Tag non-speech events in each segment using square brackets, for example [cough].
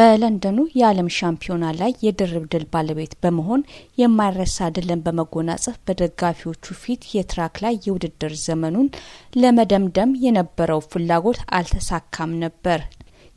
በለንደኑ የዓለም ሻምፒዮና ላይ የድርብ ድል ባለቤት በመሆን የማይረሳ ድልን በመጎናጸፍ በደጋፊዎቹ ፊት የትራክ ላይ የውድድር ዘመኑን ለመደምደም የነበረው ፍላጎት አልተሳካም ነበር።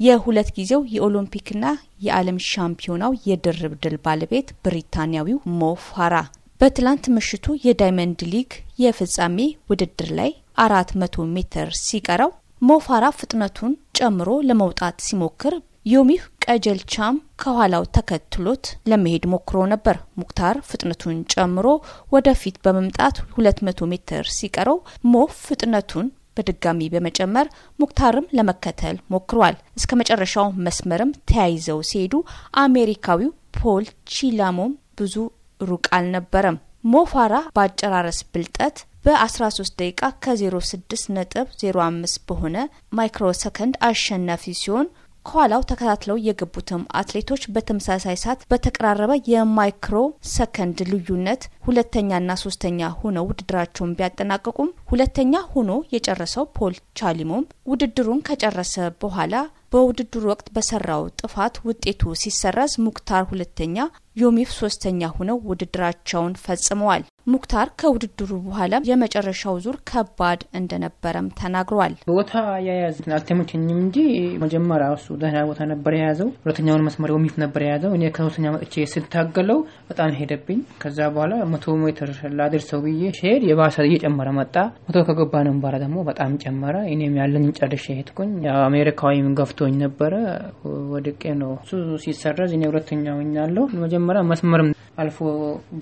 የሁለት ጊዜው የኦሎምፒክና የዓለም ሻምፒዮናው የድርብ ድል ባለቤት ብሪታንያዊው ሞፋራ በትላንት ምሽቱ የዳይመንድ ሊግ የፍጻሜ ውድድር ላይ አራት መቶ ሜትር ሲቀረው ሞፋራ ፍጥነቱን ጨምሮ ለመውጣት ሲሞክር ዮሚፍ ቀጀልቻም ከኋላው ተከትሎት ለመሄድ ሞክሮ ነበር። ሙክታር ፍጥነቱን ጨምሮ ወደፊት በመምጣት 200 ሜትር ሲቀረው ሞ ፍጥነቱን በድጋሚ በመጨመር ሙክታርም ለመከተል ሞክሯል። እስከ መጨረሻው መስመርም ተያይዘው ሲሄዱ አሜሪካዊው ፖል ቺላሞም ብዙ ሩቅ አልነበረም። ሞፋራ በአጨራረስ ብልጠት በ13 ደቂቃ ከ06 ነጥብ 05 በሆነ ማይክሮ ሰከንድ አሸናፊ ሲሆን ከኋላው ተከታትለው የገቡትም አትሌቶች በተመሳሳይ ሰዓት በተቀራረበ የማይክሮ ሰከንድ ልዩነት ሁለተኛና ሶስተኛ ሆነው ውድድራቸውን ቢያጠናቀቁም ሁለተኛ ሆኖ የጨረሰው ፖል ቻሊሞም ውድድሩን ከጨረሰ በኋላ በውድድሩ ወቅት በሰራው ጥፋት ውጤቱ ሲሰረዝ ሙክታር ሁለተኛ ዮሚፍ ሶስተኛ ሆነው ውድድራቸውን ፈጽመዋል። ሙክታር ከውድድሩ በኋላ የመጨረሻው ዙር ከባድ እንደነበረም ተናግሯል። ቦታ የያዝ አልተመቸኝም እንጂ መጀመሪያ እሱ ደህና ቦታ ነበር የያዘው። ሁለተኛውን መስመር ዮሚፍ ነበር የያዘው። እኔ ከሶስተኛ መጥቼ ስታገለው በጣም ሄደብኝ። ከዛ በኋላ መቶ ሜትር ላደርሰው ብዬ ሲሄድ የባሰ እየጨመረ መጣ። መቶ ከገባ ነው በኋላ ደግሞ በጣም ጨመረ። እኔም ያለን ጨርሼ ሄድኩኝ። አሜሪካዊም ገፍቶኝ ነበረ። ወድቄ ነው እሱ ሲሰረዝ እኔ ሁለተኛ ሆኛለሁ። መጀመሪያ መስመርም አልፎ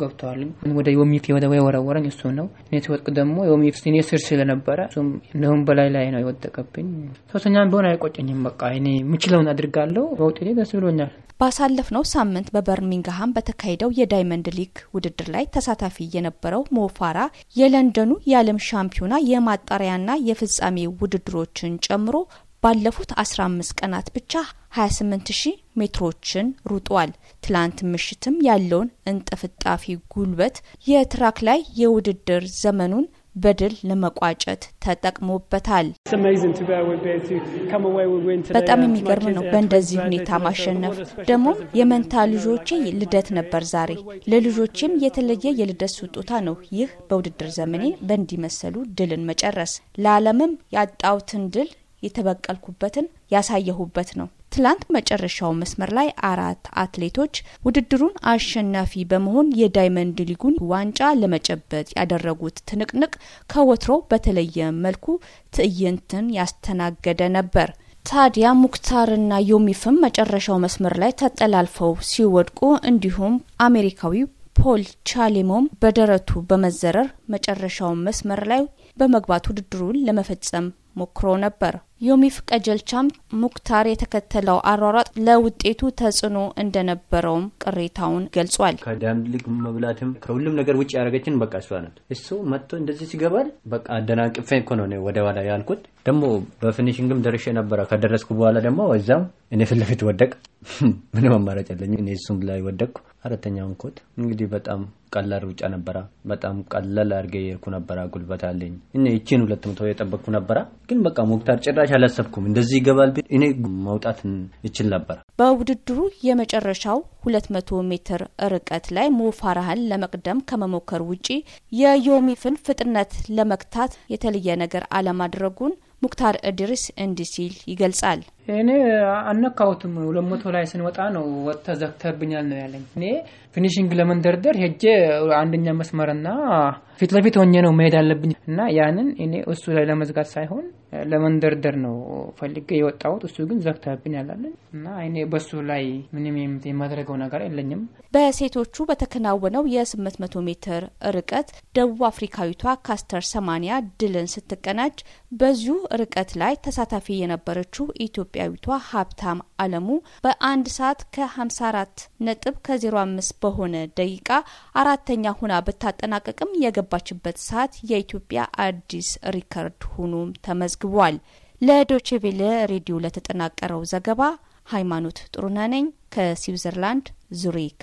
ገብተዋል። ወደ ዮሚፍ ወደ የወረወረኝ እሱ ነው። እኔ ሲወጥቅ ደግሞ ዮሚፍ እኔ ስር ስለነበረ እሱም እንዲሁም በላይ ላይ ነው የወደቀብኝ። ሶስተኛም ቢሆን አይቆጨኝም። በቃ እኔ የምችለውን አድርጋለሁ። በውጤቴ ደስ ብሎኛል። ባሳለፍነው ሳምንት በበርሚንግሃም በተካሄደው የዳይመንድ ሊግ ውድድር ላይ ተሳታፊ የነበረው ሞፋራ የለንደኑ የዓለም ሻምፒዮና የማጣሪያና የፍጻሜ ውድድሮችን ጨምሮ ባለፉት 15 ቀናት ብቻ 28000 ሜትሮችን ሩጧል። ትላንት ምሽትም ያለውን እንጥፍጣፊ ጉልበት የትራክ ላይ የውድድር ዘመኑን በድል ለመቋጨት ተጠቅሞበታል። በጣም የሚገርም ነው በእንደዚህ ሁኔታ ማሸነፍ። ደግሞም የመንታ ልጆቼ ልደት ነበር ዛሬ። ለልጆቼም የተለየ የልደት ስጦታ ነው። ይህ በውድድር ዘመኔ በእንዲመሰሉ ድልን መጨረስ ለዓለምም ያጣውትን ድል የተበቀልኩበትን ያሳየሁበት ነው። ትላንት መጨረሻው መስመር ላይ አራት አትሌቶች ውድድሩን አሸናፊ በመሆን የዳይመንድ ሊጉን ዋንጫ ለመጨበጥ ያደረጉት ትንቅንቅ ከወትሮ በተለየ መልኩ ትዕይንትን ያስተናገደ ነበር። ታዲያ ሙክታርና ዮሚፍም መጨረሻው መስመር ላይ ተጠላልፈው ሲወድቁ፣ እንዲሁም አሜሪካዊው ፖል ቻሌሞም በደረቱ በመዘረር መጨረሻው መስመር ላይ በመግባት ውድድሩን ለመፈጸም ሞክሮ ነበር። ዮሚፍ ቀጀልቻም ሙክታር የተከተለው አሯሯጥ ለውጤቱ ተጽዕኖ እንደነበረውም ቅሬታውን ገልጿል። ከዳምሊግ መብላትም ከሁሉም ነገር ውጭ ያደረገችን በቃ እሷ ናት። እሱ መጥቶ እንደዚህ ሲገባል በቃ አደናቅፌ እኮ ነው ወደ ኋላ ያልኩት። ደግሞ በፊኒሽንግም ደርሼ ነበረ። ከደረስኩ በኋላ ደግሞ እዛም እኔ ፊት ለፊት ወደቅ። [laughs] ምንም አማራጭ ያለኝ እኔ እሱም ላይ ወደቅኩ። አራተኛውን ኮት እንግዲህ በጣም ቀላል ሩጫ ነበራ። በጣም ቀላል አድርጌ የሄድኩ ነበራ። ጉልበት አለኝ እ ይቺን ሁለት መቶ የጠበቅኩ ነበራ። ግን በቃ ሙክታር ጭራሽ ጭራሽ አላሰብኩም። እንደዚህ ይገባል ቢል እኔ መውጣት እችል ነበር። በውድድሩ የመጨረሻው 200 ሜትር ርቀት ላይ ሞፋራህን ለመቅደም ከመሞከር ውጪ የዮሚፍን ፍጥነት ለመግታት የተለየ ነገር አለማድረጉን ሙክታር እድሪስ እንዲህ ሲል ይገልጻል። እኔ አነካሁትም። ሁለት መቶ ላይ ስንወጣ ነው ወጥተ ዘግተብኛል ነው ያለኝ። እኔ ፊኒሽንግ ለመንደርደር ሄጄ አንደኛ መስመርና ፊት ለፊት ሆኜ ነው መሄድ አለብኝ እና ያንን እኔ እሱ ላይ ለመዝጋት ሳይሆን ለመንደርደር ነው ፈልጌ የወጣሁት። እሱ ግን ዘግተብኝ አላለኝ እና እኔ በሱ ላይ ምንም የማድረገው ነገር የለኝም። በሴቶቹ በተከናወነው የ800 ሜትር ርቀት ደቡብ አፍሪካዊቷ ካስተር ሰማኒያ ድልን ስትቀናጅ በዚሁ ርቀት ላይ ተሳታፊ የነበረችው ኢትዮጵያ ኢትዮጵያዊቷ ሀብታም አለሙ በአንድ ሰዓት ከ54 ነጥብ ከ05 በሆነ ደቂቃ አራተኛ ሁና ብታጠናቀቅም የገባችበት ሰዓት የኢትዮጵያ አዲስ ሪከርድ ሆኖም ተመዝግቧል። ለዶችቬለ ሬዲዮ ለተጠናቀረው ዘገባ ሃይማኖት ጥሩነህ ነኝ ከስዊዘርላንድ ዙሪክ